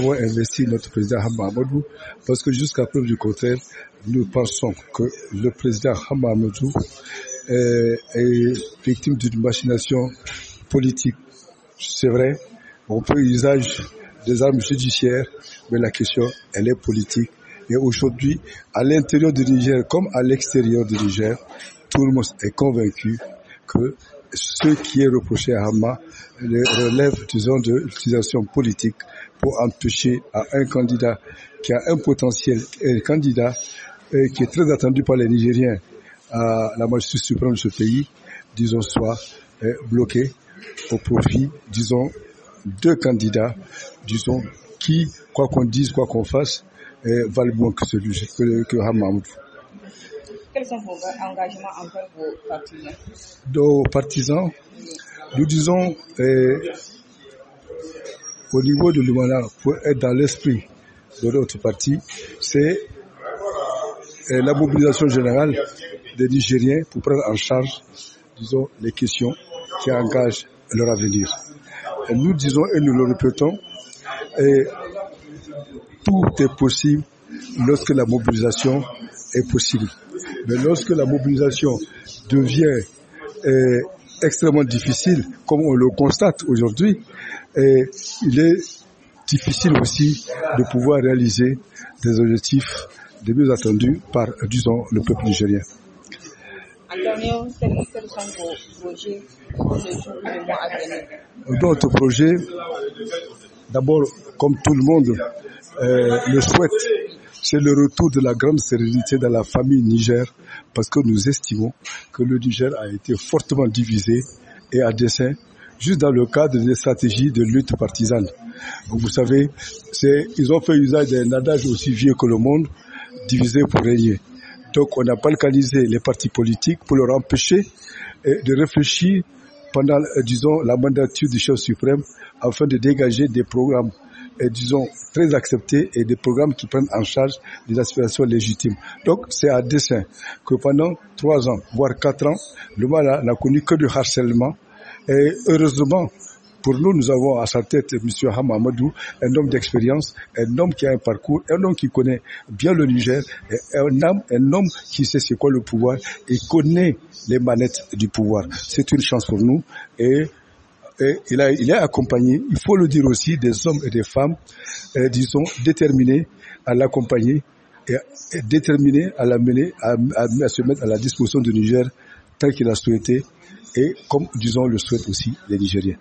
Nous investi notre président Hamamadou parce que jusqu'à preuve du contraire, nous pensons que le président Hamamadou est, victime d'une machination politique. C'est vrai, on peut usage des armes judiciaires, mais la question, elle est politique. Et aujourd'hui, à l'intérieur du Niger comme à l'extérieur du Niger, tout le monde est convaincu que ce qui est reproché à Hamma relève, disons, de l'utilisation politique pour en toucher à un candidat qui a un potentiel un candidat qui est très attendu par les Nigériens à la majesté suprême de ce pays, disons, soit euh, bloqué au profit, disons, deux candidats, disons, qui, quoi qu'on dise, quoi qu'on fasse, euh, valent moins que celui que, quels sont vos engagements envers vos partisans Nos partisans, nous disons eh, au niveau de l'Umana, pour être dans l'esprit de notre parti, c'est eh, la mobilisation générale des Nigériens pour prendre en charge, disons, les questions qui engagent leur avenir. nous disons et nous le répétons, et eh, tout est possible lorsque la mobilisation est possible. Mais lorsque la mobilisation devient eh, extrêmement difficile, comme on le constate aujourd'hui, eh, il est difficile aussi de pouvoir réaliser des objectifs des mieux attendus par, disons, le peuple nigérien. vos projets, d'abord, comme tout le monde eh, le souhaite, c'est le retour de la grande sérénité dans la famille Niger parce que nous estimons que le Niger a été fortement divisé et à dessein juste dans le cadre des stratégies de lutte partisane. Vous savez, c'est, ils ont fait usage d'un adage aussi vieux que le monde, divisé pour régner. Donc on a balkanisé les partis politiques pour leur empêcher euh, de réfléchir pendant, euh, disons, la mandature du chef suprême afin de dégager des programmes et, disons, très acceptés et des programmes qui prennent en charge des aspirations légitimes. Donc, c'est à dessein que pendant trois ans, voire quatre ans, le Mala n'a connu que du harcèlement. Et heureusement, pour nous, nous avons à sa tête M. Hamamadou, un homme d'expérience, un homme qui a un parcours, un homme qui connaît bien le Niger, un homme, un homme qui sait c'est quoi le pouvoir et connaît les manettes du pouvoir. C'est une chance pour nous et il, a, il accompagné, il faut le dire aussi, des hommes et des femmes, euh, disons, déterminés à l'accompagner et, déterminés à l'amener, à, à, se mettre à la disposition du Niger tel qu'il a souhaité et comme, disons, le souhaitent aussi les Nigériens.